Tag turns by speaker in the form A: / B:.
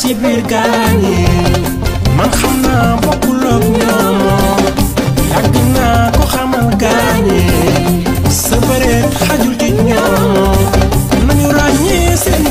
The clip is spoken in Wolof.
A: ci biir gaañ yi naa bokkul ak ñoom yàgg naa ko xamal gaañ yi
B: sa bëreet